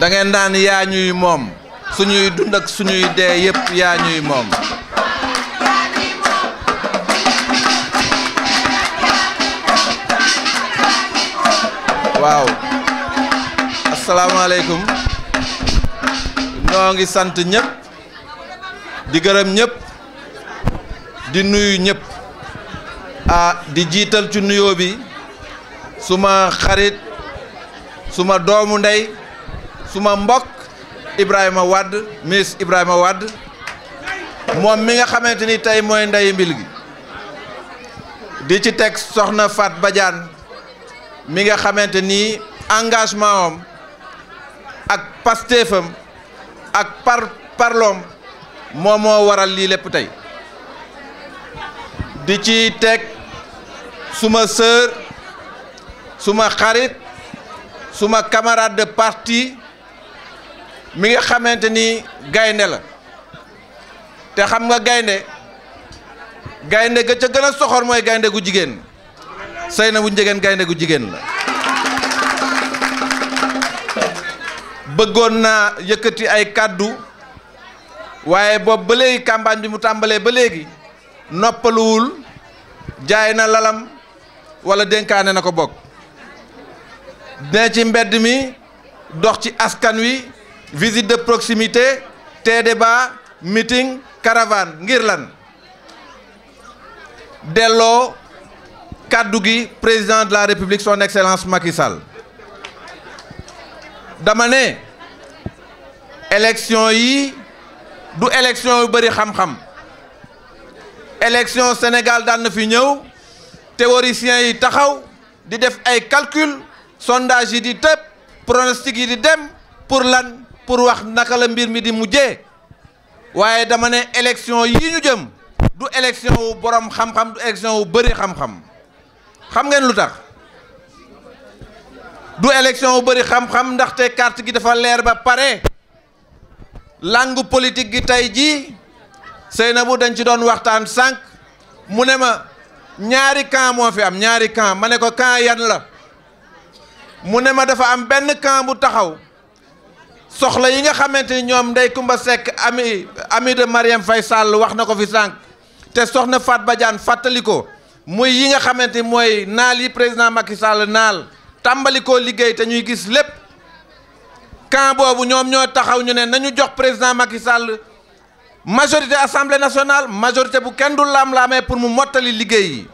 da ngeen daan yaa ñuy moom suñuy dund ak suñuy dee yépp yaa ñuy moom waaw asalaamaaleykum ngi sant ñëpp di gërëm ñëpp di nuyu ñëpp ah di jiital ci nuyoo bi suma xarit suma doomu ndey suma mbok Ibrahima wad miss Ibrahima wad mom mi nga xamanteni tay moy nday mbil gi di ci tek soxna Fat badian mi nga xamanteni engagement am ak pastefam ak par parlom momo waral li lepp tay di ci tek suma sœur suma xarit suma camarade de parti mi nga xamante ni gaynde la te xam nga gaynde gaynde ga ca gën a mooy gaynde gu jigéen sëy na bu njegeen gaynde gu jigéen la bëggoon naa yëkkati ay kàddu waaye boobu ba léegi campagne bi mu tàmbalee ba léegi noppaluwul jaay na lalam wala dénkaane na ko bokk ne ci mbedd mi dox ci askan wi visite de proximité débat meeting caravane ngirlan Dello, Kadougi, président de la république son excellence Macky Sall dama élection yi du élection yu élection Sénégal d'Anne na théoricien ñëw théoriciens yi taxaw di def ay calcul sondage yi di pronostic pour lan pour wax naka la mbir mi di mujjee waaye dama ne élection yi ñu jëm du élection wu borom xam-xam du élection wu bëri xam-xam xam ngeen lu tax du élection wu bari xam-xam ndaxte kart gi dafa leer ba pare langue politique gi tey jii na bu dañ ci doon waxtaan sànq mu ne ma ñaari camp moo fi am ñaari camp ma ne ko camp yan la mu ne ma dafa am benn camp bu taxaw soxla yi nga xamante ni ñoom Ndeye Kumba sekk ami ami de Marième Faye Sall wax na ko fi sànq te soxna Fat ba fàttali fàttalikoo muy yi nga xamante ni mooy naal yi président Macky Sall naal tàmbali koo liggéey te ñuy gis lépp camp boobu ñoom ñoo taxaw ñu ne nañu jox président Macky Sall majorité assemblée nationale majorité bu kenn du laam-laamee pour mu mottali liggéey yi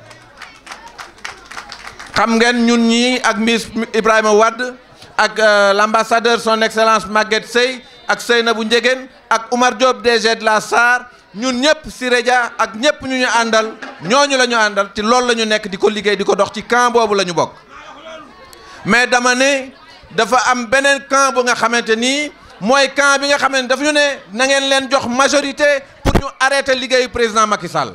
xam ngeen ñun ñii ak Miss Ibrahima wàdd ak euh, l'ambassadeur son excellence Maguette Sey ak na bu njegeen ak Oumar Diop DG de la SAR ñun ñëpp Siré Dia ak ñëpp ñu ñu àndal ñoo ñu ñu àndal ci loolu la ñu nekk di ko liggéey di ko dox ci camp boobu la ñu bokk mais dama ne dafa am beneen camp bu nga xamante nii mooy camp bi nga xamante ni dafa ñu ne na ngeen leen jox majorité pour ñu arrêter liggéeyu président Macky Sall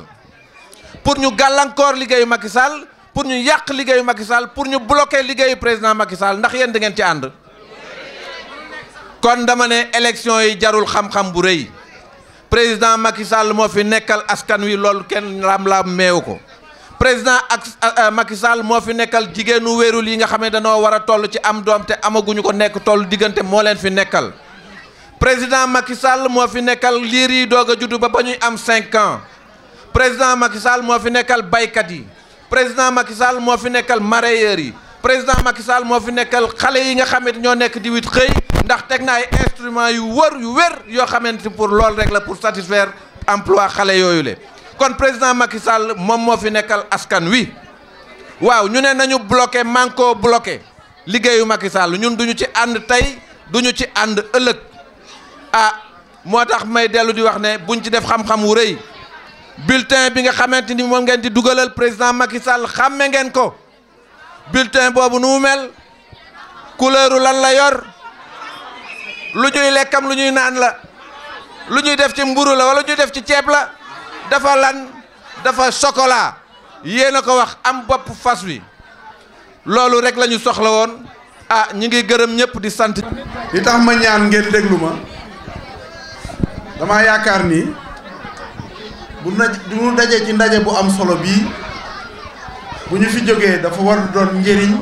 pour ñu gàllankoor liggéeyu Macky Sall pour ñu yàq liggéeyu Macky Sall pour ñu bloquer liggéeyu président Macky Sall ndax yéen da ci ànd kon dama ne élection yi jarul xam-xam bu rëy président Macky Sall moo fi nekkal askan wi loolu kenn laam-laam meewu ko président ak euh, Macky Sall moo fi nekkal jigéenu wéerul yi nga xam ne dañoo war a toll ci am doom te amaguñu ko nekk toll diggante moo leen fi nekkal président Macky Sall moo fi nekkal liir yi doog a juddu ba ba ñuy am cinq ans président Macky Sall moo fi nekkal baykat yi président Macky Sall moo fi nekkal mareyeurs yi président Macky moo fi nekkal xale yi nga xamante ñoo nekk di wit xëy ndax teg na ay instruments yu wër yu wér yoo xamante pour loolu rek la pour satisfaire emploi xale yooyu le kon président Macky Sall moom moo fi nekkal askan wi waaw ñu ne nañu bloqué manko bloqué liggéeyu Macky Sall ñun duñu ci ànd tey duñu ci ànd ëllëg ah moo tax may dellu di wax ne buñ ci def xam-xam wu rëy bulletin bi nga xamante ni moom ngeen di dugalal président Macky Sall xàmme ngeen ko bulletin boobu nu mu mel lan la yor lu ñuy lekkam lu ñuy naan la lu ñuy def ci mburu la wala lu ñuy def ci ceeb la dafa lan dafa sokolaa yéen a ko wax am bopp fas wi loolu rek lañu ñu soxla woon ah ñi ngi gërëm ñëpp di sant. li tax ma ñaan ngeen déglu ma damaa yaakaar nii bu naj bu ñu dajee ci ndaje bu am solo bii bu ñu fi jógee dafa war doon njëriñ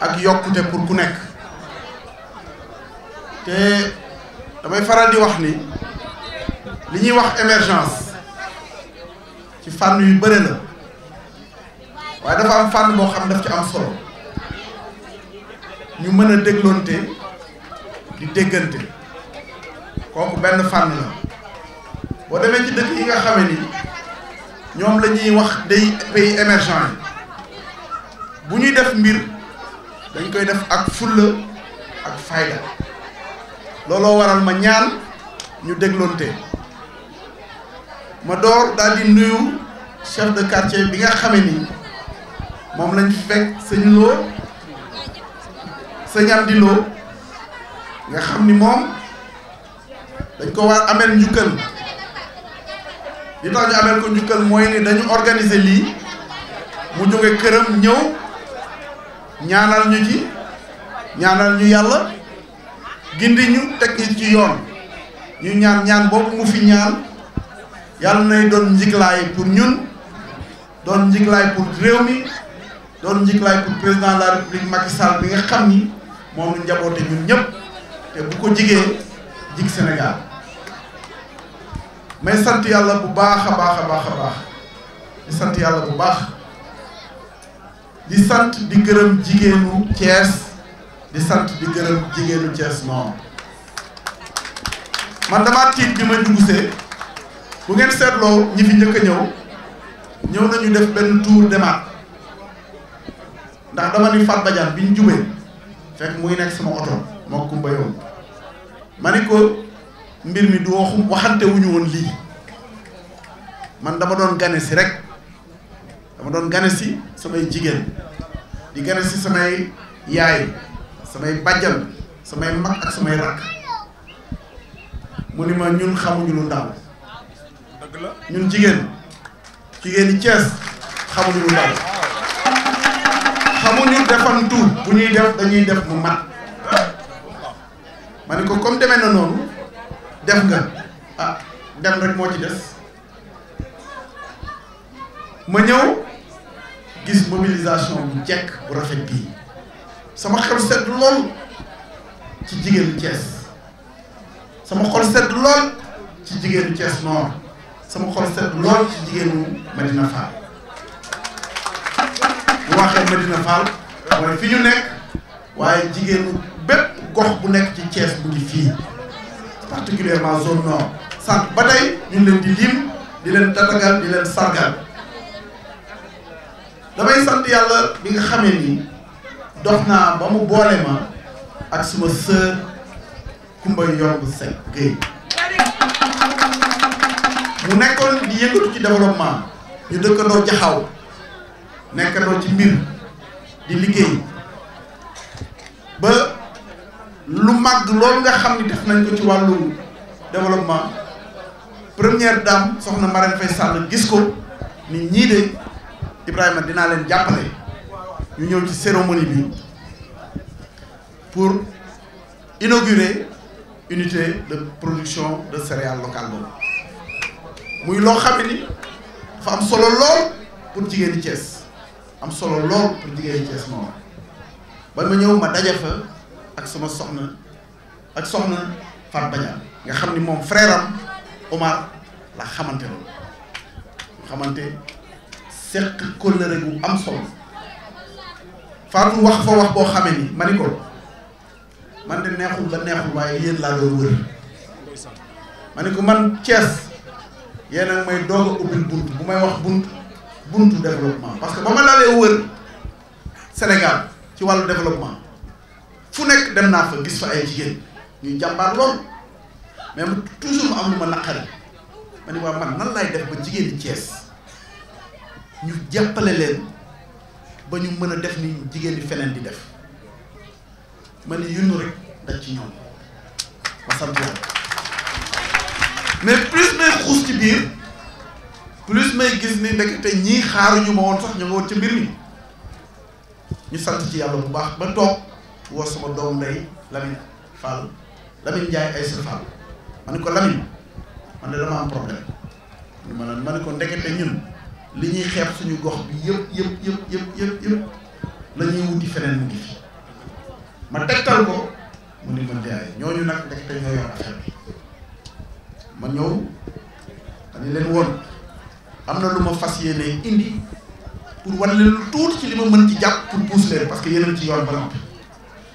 ak yokkute pour ku nekk te damay faral di wax ni li ñuy wax émergence ci fànn yu bëre la waaye dafa am fànn boo xam daf ci am solo ñu mën a dégloonte di déggante kooku benn fànn la boo demee ci dëkk yi nga xame ni ñoom la ñuy wax day pays émergents yi bu ñuy def mbir dañ koy def ak fulla ak fayda looloo waral ma ñaan ñu dégloonte ma door daal nuyu chef de quartier bi nga xame ni moom lañ fekk sëñ Lo sëñ Amdi Lo nga xam ni moom dañ ko war amel njukkal li tax ñu ameel ko njukkal mooy ni dañu organiser lii mu jóge këram ñëw ñaanal ñu ci ñaanal ñu yàlla gindi ñu teg ñu ci yoon ñu ñaan ñaan boobu mu fi ñaan yàlla nay doon njiglaay pour ñun doon njiglaay pour réew mi doon njiglaay pour président la république Macky Sall bi nga xam ni moom la njaboote ñun ñëpp te bu ko jigee jig Sénégal may sant yàlla bu baax a baax a baax a baax di sant yàlla bu baax di sant di gërëm jigéenu cees di sant di gërëm jigéenu Thiès moom man dama tiit bi ma dugusee bu ngeen seetloo ñi fi njëkk ñëw ñëw nañu def benn tour demaat ndax dama ni Fat Badiane bi ñu fekk muy nekk sama oto moo kumba yoon ma mbir mi du waxu waxante woon lii man dama doon gane si rek dama doon gane si samay jigéen di gane si samay yaay samay bàjjan samay mag ak samay rakk mu ni ma ñun xamuñu lu ndaw dëgg la ñun jigéen jigéen yi Cees xamuñu lu ndaw xamuñu defantu bu ñuy def dañuy def mu mat ma ni ko comme demee na noonu dem nga ah dem rek moo ci des ma ñëw gis mobilisation bu jekk bu rafet bii sama xol sedd lool ci jigéenu Thiès sama xol sedd lool ci jigéenu Thiès Nord sama xol sedd lool ci jigéenu Medina Fall bu waxee Medina Fall fi ñu nekk waaye jigéenu bépp gox bu nekk ci cees bu ngi fii particulièrement zone nord sant batay ñu leen di lim di leen tatagal di leen sargal damay sant yalla bi nga xamé ni doxna ba mu bolé ma ak suma sœur Kumba Yomb sey gey mu nekkon di yëngatu ci développement ñu ci xaw nekkano ci mbir di liggéey ba lu mag lool nga xamni def nañ ko ci walu développement première dame soxna Marème fay Sall gis ko ni ñi de Ibrahima dina len jappalé ñu ñew ci cérémonie bi pour inaugurer unité de production de céréales locales boobu muy lo xamni ni dafa am solo lool pour jigéeni Thiès am solo lool pour jigéeni Thiès mo ba ma ñew ma dajé fa ak sama soxna ak soxna Fat Baña nga xamni ni moom Omar la xamante loolu xamante seq kóllëre gu am solo Fatou wax fa wax bo xamé ni maniko ni man de neexul ba neexul waye yeen la do wër maniko man Thiès yeen ak may doog a ubbil bunt bu may wax buntu buntu développement parce que bama la lay wër Sénégal ci walu développement fu nekk dem naa fa gis fa ay jigéen ñuy jàmbaar lool mais toujours mu am lu ma naqari ma ne waa man nan laay def ba jigéen cees ñu jàppale leen ba ñu mën a def ni jigéen di feneen di def ma ne yunnu rek daj ci ñoom ma sant yàlla mais plus may xuus ci biir plus may gis ni te ñii xaaruñu ma woon sax ñu nga woon ci mbir mi ñu sant ci yàlla bu baax ba toog wo sama dom ndey Lamine Fall Lamine jay ay sa Fall ma ko Lamine man de dama am problème man ne ma ko ndekete ñun li ñi xeeb suñu gox bi yëpp yëpp yëpp yëpp yëpp yëpp la ñuy wuti fenen mu ngi fi ma tektal ko mu ni man jay ñoñu nak ndekete ñoo yor affaire bi ma ñëw dañu len won amna luma fasiyene indi pour wan leen tout ci lima ma mën ci japp pour pousser parce que yéen ci yoon ba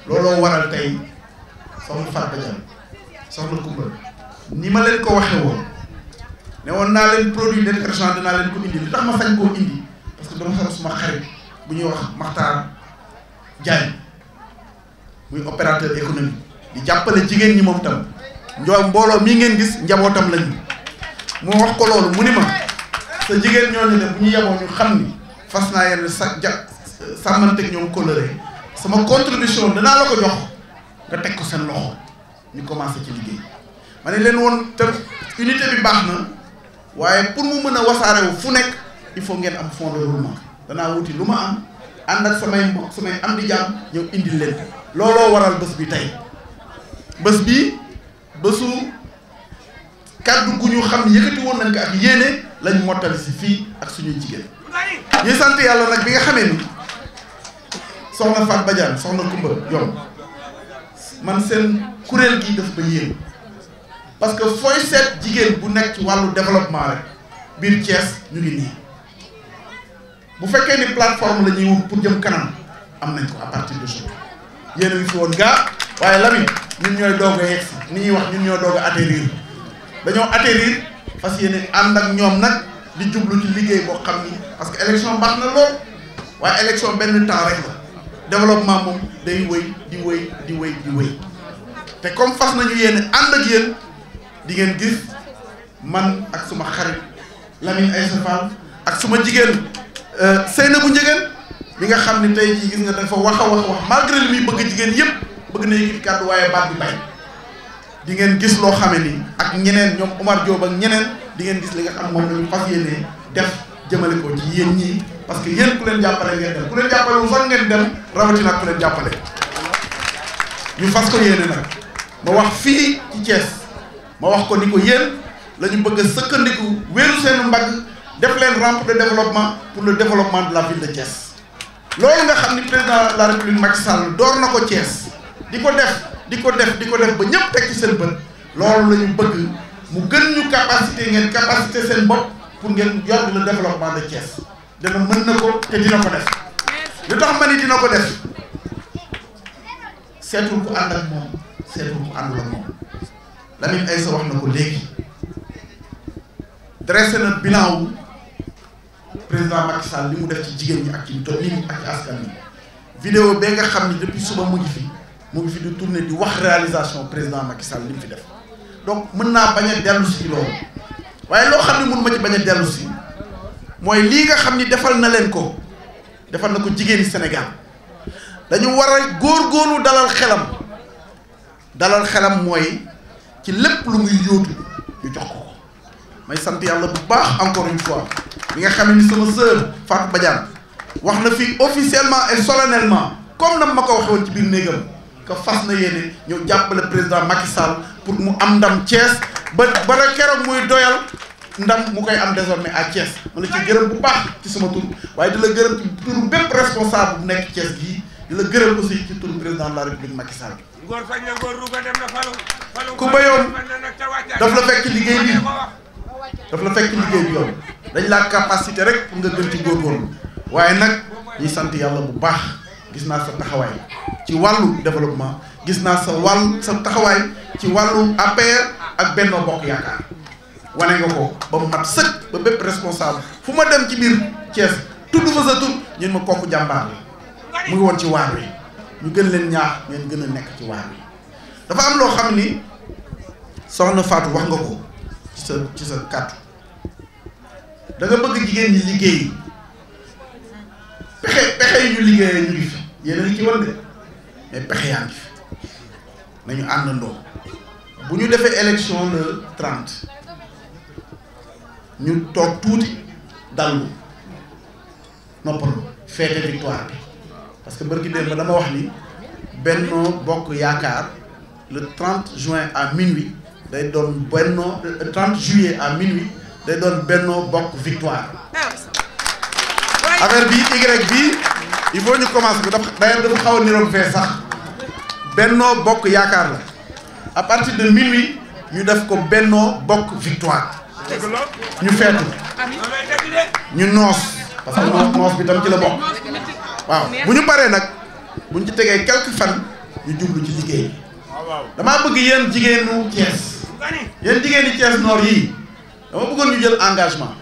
looloo waral tey soxna Fatou Badiane soxna Koumba ni ma leen ko waxee woon ne woon naa leen produit détergent dinaa leen ko indi li tax ma sañ koo indi parce que dama soxla suma xarit bu ñuy wax Makhtar Diagne muy opérateur économique di jàppale jigéen ñi moom tam njoo mbooloo mii ngeen gis njabootam lañu moo wax ko loolu mu ni ma sa jigéen ñooñu ne bu ñu yeboo ñu xam ni fas naa yenn sa ja sàmmanteeg ñoom coloré sama contribution dana la ko jox nga tek ko sen loxo ni commencé ci liggéey mané len won te unité bi baax na waaye pour mu meuna a wasaarewu fu nek il faut ngeen am fond de roulement dana wuti luma am ànd ak sama am di jam ñeu indi len lolo waral bëss bi tay bëss bi bëssu kaddu guñu xam yëkëti won nañ ko ak yene lañ motal ci fi ak suñu jigéen ñuy sant yalla nak bi nga xamé ni soxna fat badian soxna Kumba yomb man sen kurel gi def ba yeen parce que foy set jigen bu nek ci walu développement rek bir Thiès ñu ngi ni bu fekke ni plateforme la ñi wut pour jëm kanam am nañ ko à partir de jour yéen a ngi fi woon gaa waaye Lamine ñun ñoy doog a ni ñi wax ñun ñoy doog atterrir dañu atterrir parce que yéen ak ñom nak di jublu ci liggéey bo xamni parce que election batna lool waye election benn temps rek la développement mom day wey di wey di wey di wey te comme fas nañu yéne and ak yéne di ngeen gis man ak suma xarit Lamine Aïssa Fall ak suma euh Seyna bu njëgeen li nga xamni tay ji gis nga dafa waxa wax wax malgré li bëgg jigen yépp bëgg na yëkkati kaddu waye baat bi bay di ngeen gis lo xamé ni ak ñeneen ñom Omar Diop ak ñeneen di ngeen gis li nga xam mom lañu fas def jëmale ko ci yéen ñi parce que yeen ku len jappale ngeen dem ku len jappale wu fan ngeen dem nak ku len jappale ñu fas ko yéene nak ma wax fi ci ties ma wax ko niko yeen lañu bëgg sekkandiku wëru seen mbag def len rampe de développement pour le développement de la ville de ties loolu nga xamni président la république Macky Sall door nako ties diko def diko def diko def ba ñepp tek ci seen bëtt loolu lañu bëgg mu gën ñu capacité ngeen capacité seen bop pour ngeen yor le développement de ties dana mën na ko te dina ko def lu tax mané dina ko def seetul ko and ak mom seetul ko andul ak mom Lamine Aïssa wax na ko léegi dressé na bilan président Macky Sall limu def ci jigéen ñi ak ci to nit ñi ak askan ñi vidéo ba nga xamni depuis suba mu ngi fi mu ngi fi di tourner di wax réalisation président Macky Sall limu fi def donc mën na baña delu ci lool waye lo xamni mën ma ci baña delu ci mooy lii nga xam ni defal na leen ko defal na ko jigéeni senegal dañu war a góor góorgóorlu dalal xelam dalal xelam mooy ci lépp lu muy yóotu ñu jox ko may sant yàlla bu baax encore une fois bi nga xam ni sama sœur Fatou Badiane wax na fi officiellement et solennellement comme nam ma ko waxee woon ci biir néegam que fas na yéene ñëw jàppale président Macky pour mu am ndam Thiès ba ba keroog muy doyal ndam mu koy am désormais à Thiès ma la ci gërëm bu baax ci sama tour waaye di la gërëm ci tour bépp responsable bu nekk Thiès gii di la gërëm aussi ci tour président de la république Macky Sall ngor fañ na ngor ruuga dem na falu falu ku bayoon daf la fekk liggéey bi daf la fekk liggéey bi yow dañ laa capacité rek pour nga gën ci góorgóorlu waaye nag ñuy sant yàlla bu baax gis naa sa taxawaay ci wàllu développement gis naa sa wàll sa taxawaay ci wàllu APR ak Benno Bokk Yaakaar wane nga ko ba mu mat sëkk ba bépp responsable fu ma dem ci biir Thiès tudd fa sa tur ñun ma kooku jàmbaar la mu ngi woon ci waar wi ñu gën leen ñaax ngeen gën a nekk ci waar wi dafa am loo xam ni soxna Fatou wax nga ko ci sa ci sa kàddu da bëgg jigéen ñi liggéey pexe pexe yi ñu liggéeyee ngi fi yéen ci wan de mais pexe yaa ngi fi nañu àndandoo bu ñu defee élection le 30. ñu toog tuuti dallu noppalu feete victoire bi parce que bërki démb ba dama wax ni Benno Bok Yakar le 30 juin à minuit day doon Benno le 30 juillet à minuit day doon Benno Bok Victoire affaire bi Y bi il faut ñu commencer dafa d'ailleurs dafa xaw ni rom fee sax Benno Bok Yakar la à partir de minuit ñu def ko Benno Bok Victoire ñu fett ñu nos parce que nos bi tam ci la bok waaw bu ñu paree nag bu ñu ci tegee quelques fan ñu jublu ci liggéey dama bëgg yéen ties yeen jigéen jigéeni ties nor yi dama bëggoon ñu jël engagement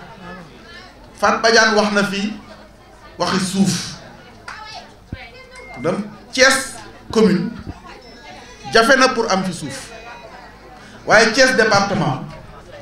Fat Badiane wax na fii waxi souf dam ties commune jafé na pour am fi souf waye ties département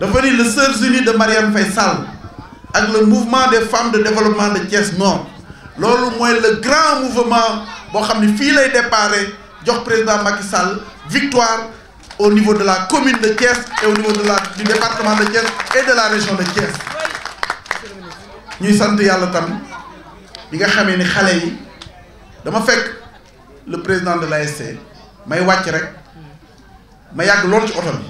dafa les le Sœurs Unies de Marianne Faisal avec le mouvement des femmes de développement de Thiès Nord C'est le grand mouvement qui a été fii lay le président Macky Sall victoire au niveau de la commune de Thiès et au niveau de la du département de Thiès et de la région de Thiès Nous sommes yàlla tam bi nga xamee ni xale yi dama fekk le président de l'ASC may wàcc rek ma yàgg lool ci oto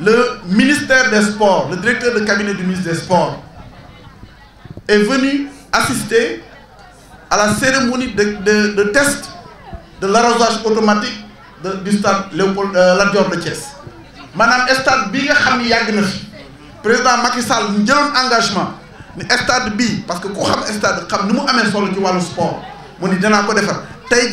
le ministère des sports le directeur de cabinet du ministre des sports est venu assister à la cérémonie de test de l'arrosage automatique du stade Léopold euh, de Thiès Madame stade bi nga na fi président Macky Sall avons un engagement ni stade parce que ku xam stade xam nu mu amé solo ci sport nous ni danaa ko defar tay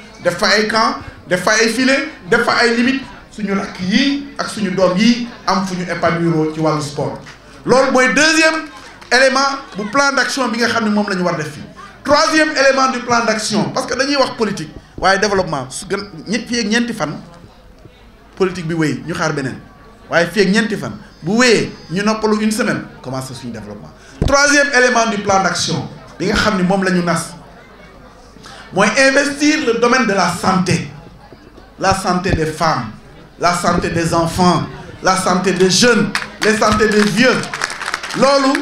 de fa ay des de fa ay filet de fa ay limite suñu ak suñu qui am ci sport deuxième élément du plan d'action bi nga xam ne troisième élément du plan d'action parce que dañuy wax politique développement nous avons politique bi wéy ñu xaar benen. nous fan une semaine suñu développement troisième élément du plan d'action bi nga xam ni moom moi, investir le domaine de la santé la santé des femmes la santé des enfants la santé des jeunes la santé des vieux Lolo,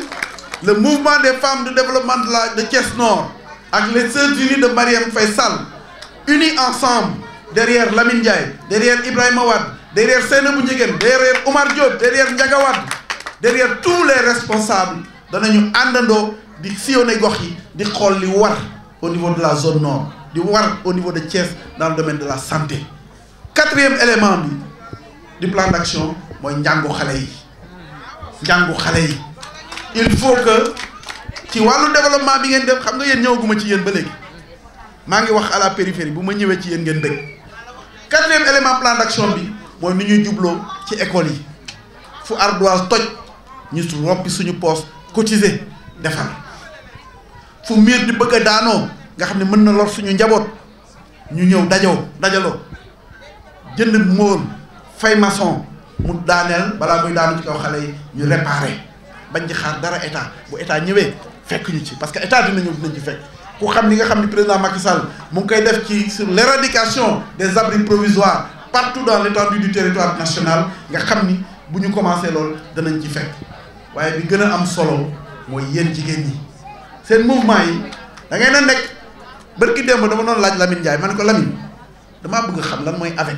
le mouvement des femmes de développement de la de Nord avec les sœurs unis de Mariam Faisal, unis ensemble derrière Lamine Diaye, derrière Ibrahim Awad, derrière Seine Ndiéguène derrière Omar Diop derrière Ndiaga derrière tous les responsables de àndandoo di sillonné gox yi di au niveau de la zone nord du au niveau de Thiès dans le domaine de la santé quatrième élément du plan d'action C'est que il faut que ci le développement bi xam à la périphérie quatrième élément plan d'action bi mooy ni ñuy ci école yi fu ardoise toj ñu poste cotiser fu miir di bëgg daano nga xam ne mën na lor suñu njaboot ñu ñëw dajoo dajaloo jënd mool fay maçon mu daaneel balaa muy daanu ci kaw xale yi ñu réparé bañ ci xaar dara état bu état ñëwee fekk ñu ci parce que état dinañu ñëw dinañ ci fekk ku xam ni nga xam ni président Macky Sall mu ngi koy def ci sur l'éradication des abris provisoires partout dans l'étendue du territoire national nga xam ni bu ñu commencé lool danañ ci fekk waaye bi gën a am solo mooy yéen jigéen ñi un mouvement yi da ngay Lamine man ko Lamine bëgg xam lan avec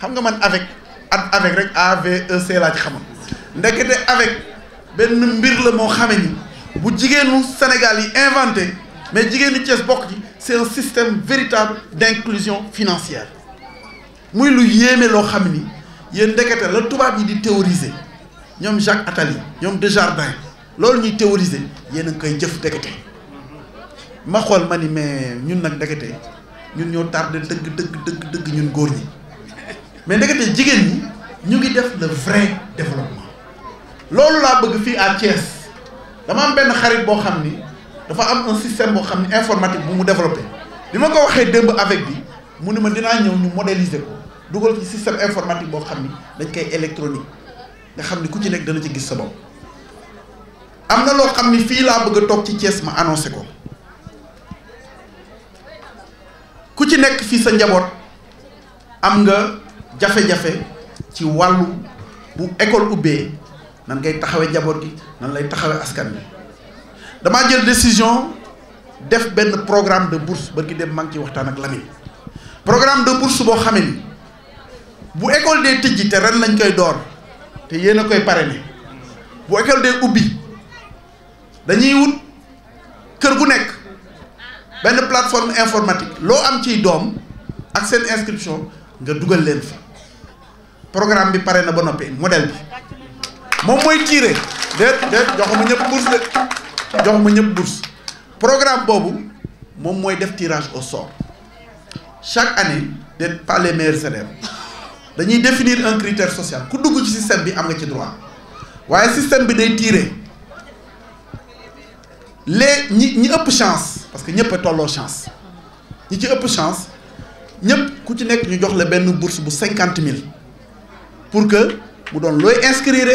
xam nga avec avec rek e, C, c ci le ndekete avec mbir la ni Sénégal inventé mais c'est un système véritable d'inclusion financière muy lu yéeme loo xam ni yéen ndekete la tubaab di théoriser Jacques Attali loolu ñuy théoriser yéen a koy jëf ndekete ma xool ma ni mais ñun nag ndekete ñun ñoo tardé dëgg dëgg dëgg dëgg ñun góor ñi mais ndekete jigéen ñi ñu ngi def le vrai développement loolu laa bëgg fii à Thiès dama am benn xarit boo xam ni dafa am un système boo xam ni informatique bu mu développé bi ma ko waxee démb avec bi mu ne ma dinaa ñëw ñu modéliser ko dugal ci système informatique boo xam ni dañ koy électronique nga xam ni ku ci nekk dana ci gis sa bopp am lo xamni fi la bëgg tok ci ma annoncé ko ku ci nek fi sa njabot am nga jafe-jafe ci walu bu école ubé nan ngay taxawé njabot gi nan lay taxawé askan bi dama jël décision def ben programme de bourse ki dem mang ci waxtan ak Lamine programme de bourse bo xamé bu école dee tëjji té ren lañ koy door te yéna koy parrainé bu école dee ubbi dañuy wut kër gu nekk benn plateforme informatique loo am ciy doom ak seen inscription nga dugal leen fa programme bi pare na ba noppi modèle bi moom mooy tiire déet déet joxuma ñëpp bourse de joxuma ñëpp bourse programme boobu moom mooy def tirage au sort chaque année déet pas les meilleurs élèves dañuy définir un critère social ku dugg ci système bi am nga ci droit waaye système bi day tiré les ni, ñi chance parce que ñëpp avons une chance ñi ci une chance ñëpp ku ci nekk ñu bourse bu 50 000, pour que mu doon inscrire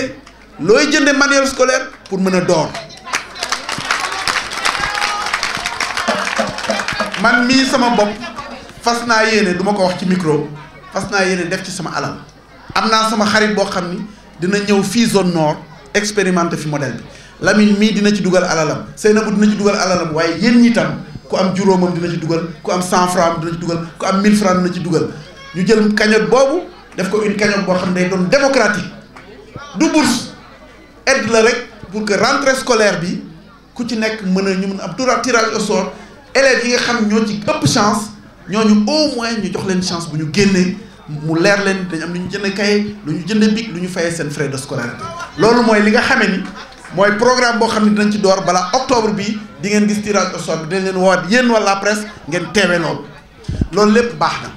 le manuel scolaire pour mener d'or. man suis sama bop fas na ko wax ci micro fas naa yéene def ci sama alal un sama xarit zone nord expérimenter fi modèle Lamine mii dina ci dugal alalam Seynabou dina ci dugal alalam waaye yéen ñi tam ku am juróomam dina ci dugal ku am cent franc dina ci dugal ku am mille franc dina ci dugal ñu jël cagnotte boobu def ko une cagnotte boo xam ne day doon démocratique du bourse aide la rek pour que rentrée scolaire bi ku ci nekk mën a ñu mën a ab tirage au sort élèves yi nga xam ñoo ci ëpp chance ñooñu au moins ñu jox leen chance bu ñu génnee mu leer leen dañ am lu ñu jënd kaye lu ñu jënd bic lu ñu fayee seen frais de scolarité loolu mooy li nga xamee ni mooy programme boo xam ne dinañ ci door balaa octobre bi di ngeen gis tirage au sort bi dinañ leen woowaat yéen wala la presse ngeen teewee loolu loolu lépp baax na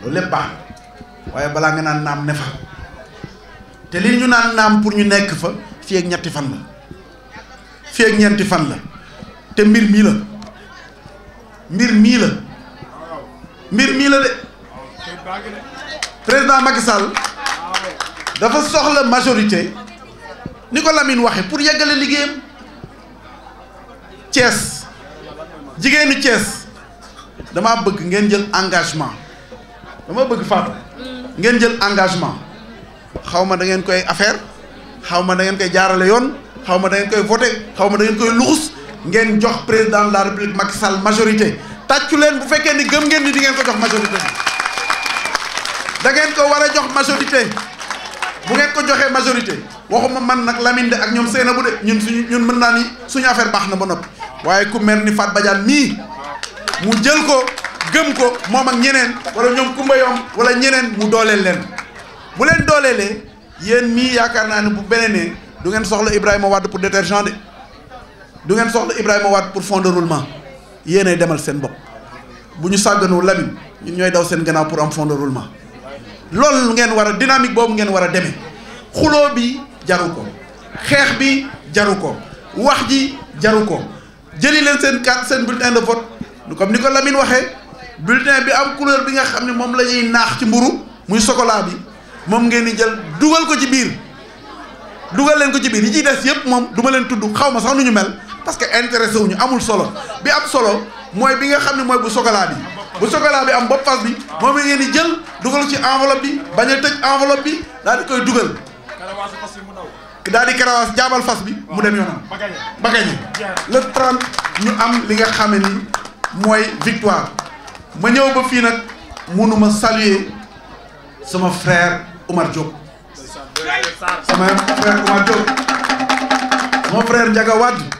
loolu lépp baax na waaye balaa nga naan naam ne fa te li ñu naan naam pour ñu nekk fa fii ak ñetti fan la fii ak ñeenti fan la te mbir mii la mbir mii la mbir mii la de président Macky Sall dafa soxla majorité. niko Lamine waxe pour yegale ligueyam Thiès jigéenu Thiès dama bëgg ngeen jël engagement dama bëgg Fatou ngeen jël engagement xawma da ngeen koy affaire xawma da ngeen koy jaarale yon xawma da ngeen koy voter xawma da ngeen koy luxus ngeen jox président de la république Macky Sall majorité taccu len bu fekkee ni gëm ngeen ni di ngeen ko jox majorité da ngeen ko wara jox majorité. bu ngeen ko joxee majorité waxuma man nag Lamine de ak ñoom seena bu de ñun suñu ñun mën naa ni suñu affaire baax na ba noppi waaye ku mel ni faat Badiane mii mu jël ko gëm ko moom ak ñeneen wala ñoom Kumba Yom wala ñeneen mu dooleel leen bu leen dooleelee yéen mii yaakaar naa ne bu beneenee du ngeen soxla Ibrahima Wade pour détergent de du ngeen soxla Ibrahima Wade pour fond de roulement yéenay demal seen bopp bu ñu sàgganoo Lamine ñun ñooy daw seen gannaaw pour am fond de roulement loolu ngeen war a dynamique boobu ngeen war a demee xuloo bi jaru ko xeex bi jaru ko wax ji jaru ko jëli leen seen carte seen bulletin de vote comme ni ko Lamine waxee bulletin bi am couleur bi nga xam ne moom la ñuy naax ci mburu muy chocolat bi moom ngeen di jël dugal ko ci biir dugal leen ko ci biir yi ciy des yëpp moom duma leen tudd xaw ma sax nu ñu mel parce que intéressé wuñu amul solo bi am solo moy bi nga xamni moy bu sokolaa bi bu sokolaa bi am bop fas bi mom ngay ni jël dugal ci enveloppe bi baña a enveloppe bi dal di koy dugal dal di karawaas jabal fas bi mu dem yonam ba gañe le 30 ñu am li nga xamni moy victoire ma ñew ba fii nag mënuma saluer sama frère Omar Diop sama frère Omar Diop mon frère Ndiaga Wade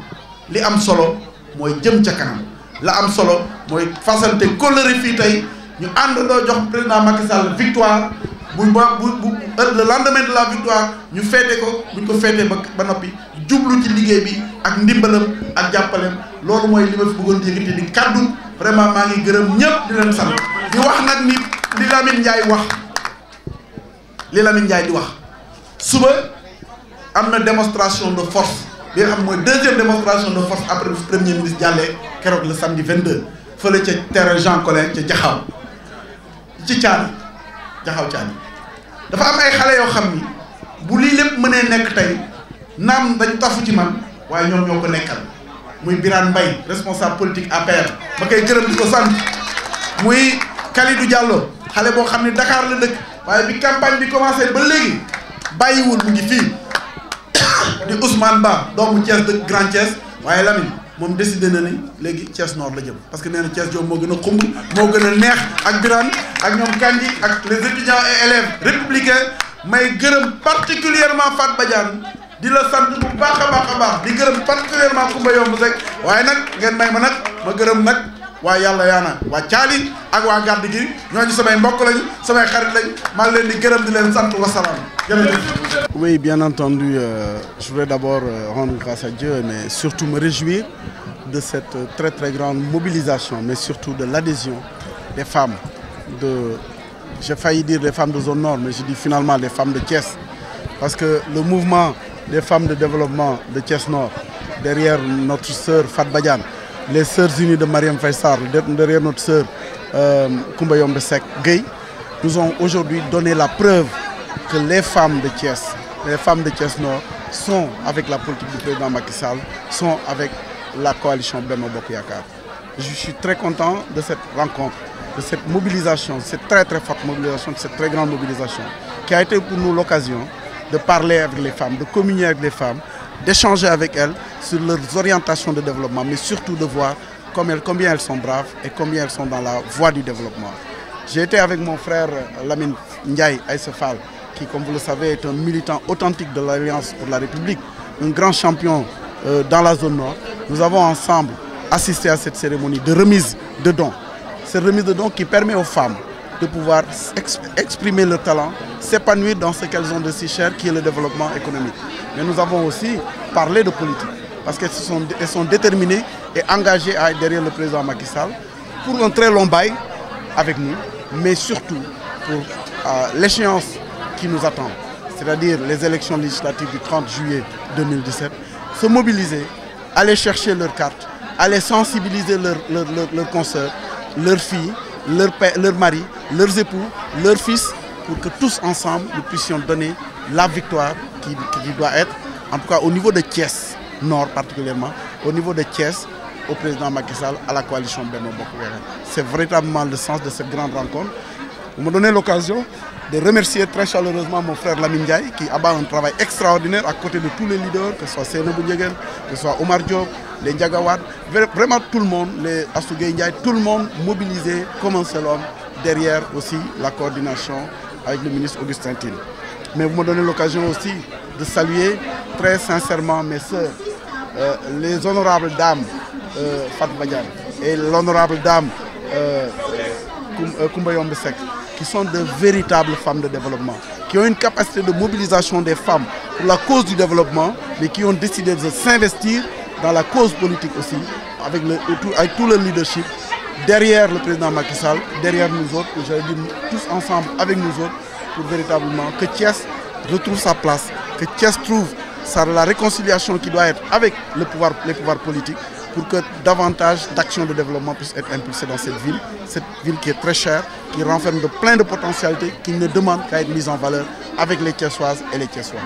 li am solo mooy jëm ca kanam la am solo mooy fasante kóllëre fii tey ñu ànd àndandoo jox président Macky Sall victoire bu ba bu bu le lendemain de la victoire ñu feete ko buñ ko feetee ba ba noppi jublu ci liggéey bi ak ndimbalam ak jàppaleem loolu mooy li ma fi bëggoon yëkkati di kaddu vraiment maa ngi gërëm ñëpp di leen sant di wax nag ni li Lamine Ndiaye wax li Lamine Ndiaye di wax suba am na démonstration de force. bi nga xam mooy deuxième démonstration de force après bu premier ministre Diallé keroog le samedi 22 fële ca terrain Jean Collin ca Jaxaaw ci caani Jaxaaw caani dafa am ay xale yoo xam ni bu lii lépp mënee nekk tey naam dañ tafu ci man waaye ñoom ñoo ko nekkal muy Birane Mbaye responsable politique APR ba koy gërëm di ko sant muy Khalidou Diallo xale boo xam ni Dakar la dëkk waaye bi campagne bi commencé ba léegi bàyyiwul mu ngi fii di Ousmane Ba doomu Thiès Grand décidé Nord la jëm parce que nee Thiès Jom moo gën a xumb moo neex les étudiants et élèves républicains may particulièrement Fat di la sant a particulièrement Koumba Yomb ngeen may oui bien entendu euh, je voudrais d'abord euh, rendre grâce à Dieu mais surtout me réjouir de cette très très grande mobilisation mais surtout de l'adhésion des femmes de j'ai failli dire les femmes de zone nord mais je dis finalement des femmes de Thiès parce que le mouvement des femmes de développement de Thiès Nord derrière notre sœur Fat Badiane les Sœurs Unies de Mariam Faisar, derrière notre sœur euh, Gay, nous ont aujourd'hui donné la preuve que les femmes de Thiès, les femmes de Thiès Nord, sont avec la politique du président Macky Sall, sont avec la coalition Beno Bokuyakar. Je suis très content de cette rencontre, de cette mobilisation, cette très très forte mobilisation, de cette très grande mobilisation, qui a été pour nous l'occasion de parler avec les femmes, de communier avec les femmes, d'échanger avec elles sur leurs orientations de développement, mais surtout de voir combien, elles sont braves et combien elles sont dans la voie du développement. J'ai été avec mon frère euh, Lamine Ndiaye Aïsefal, qui, comme vous le savez, est un militant authentique de l'Alliance pour la République, un grand champion euh, dans la zone nord. Nous avons ensemble assisté à cette cérémonie de remise de dons. Cette remise de dons qui permet aux femmes de pouvoir exprimer leur talent, s'épanouir dans ce qu'elles ont de si cher, qui est le développement économique. Mais nous avons aussi parlé de politique parce qu'elles sont, déterminées et engagées à, derrière le président Macky Sall pour un très long bail avec nous, mais surtout pour euh, l'échéance qui nous attend, c'est-à-dire les élections législatives du 30 juillet 2017, se mobiliser, aller chercher leurs cartes, aller sensibiliser leurs leur, consoeurs, leurs filles, leurs leur maris, leurs époux, leurs fils, pour que tous ensemble nous puissions donner la victoire qui, doit être, en tout cas au niveau de Thiès, Nord particulièrement, au niveau de Thiès, au président Macky Sall, à la coalition Beno Bokouere. C'est véritablement le sens de cette grande rencontre. Vous me donnez l'occasion de remercier très chaleureusement mon frère Lamine Diaye, qui abat un travail extraordinaire à côté de tous les leaders, que ce soit Sénébou Boudjegel, que ce soit Omar Diop, les Ndiagawad, vraiment tout le monde, les Asugé Ndiaye, tout le monde mobilisé comme un seul homme derrière aussi la coordination avec le ministre Augustin Thiel. Mais vous me donnez l'occasion aussi de saluer très sincèrement mes soeurs euh, les honorables dames euh, Fatma et l'honorable dame euh, euh Koumba qui sont de véritables femmes de développement, qui ont une capacité de mobilisation des femmes pour la cause du développement, mais qui ont décidé de s'investir dans la cause politique aussi, avec, le, tout le leadership, derrière le président Macky Sall, derrière nous autres, et j'allais dire tous ensemble avec nous autres, pour véritablement que Thiès retrouve sa place, que Thiès trouve c'est la réconciliation qui doit être avec les pouvoirs politiques pour que davantage d'actions de développement puissent être impulsées dans cette ville, cette ville qui est très chère, qui renferme de plein de potentialités, qui ne demande qu'à être mise en valeur avec les Thiessoises et les Thiessois.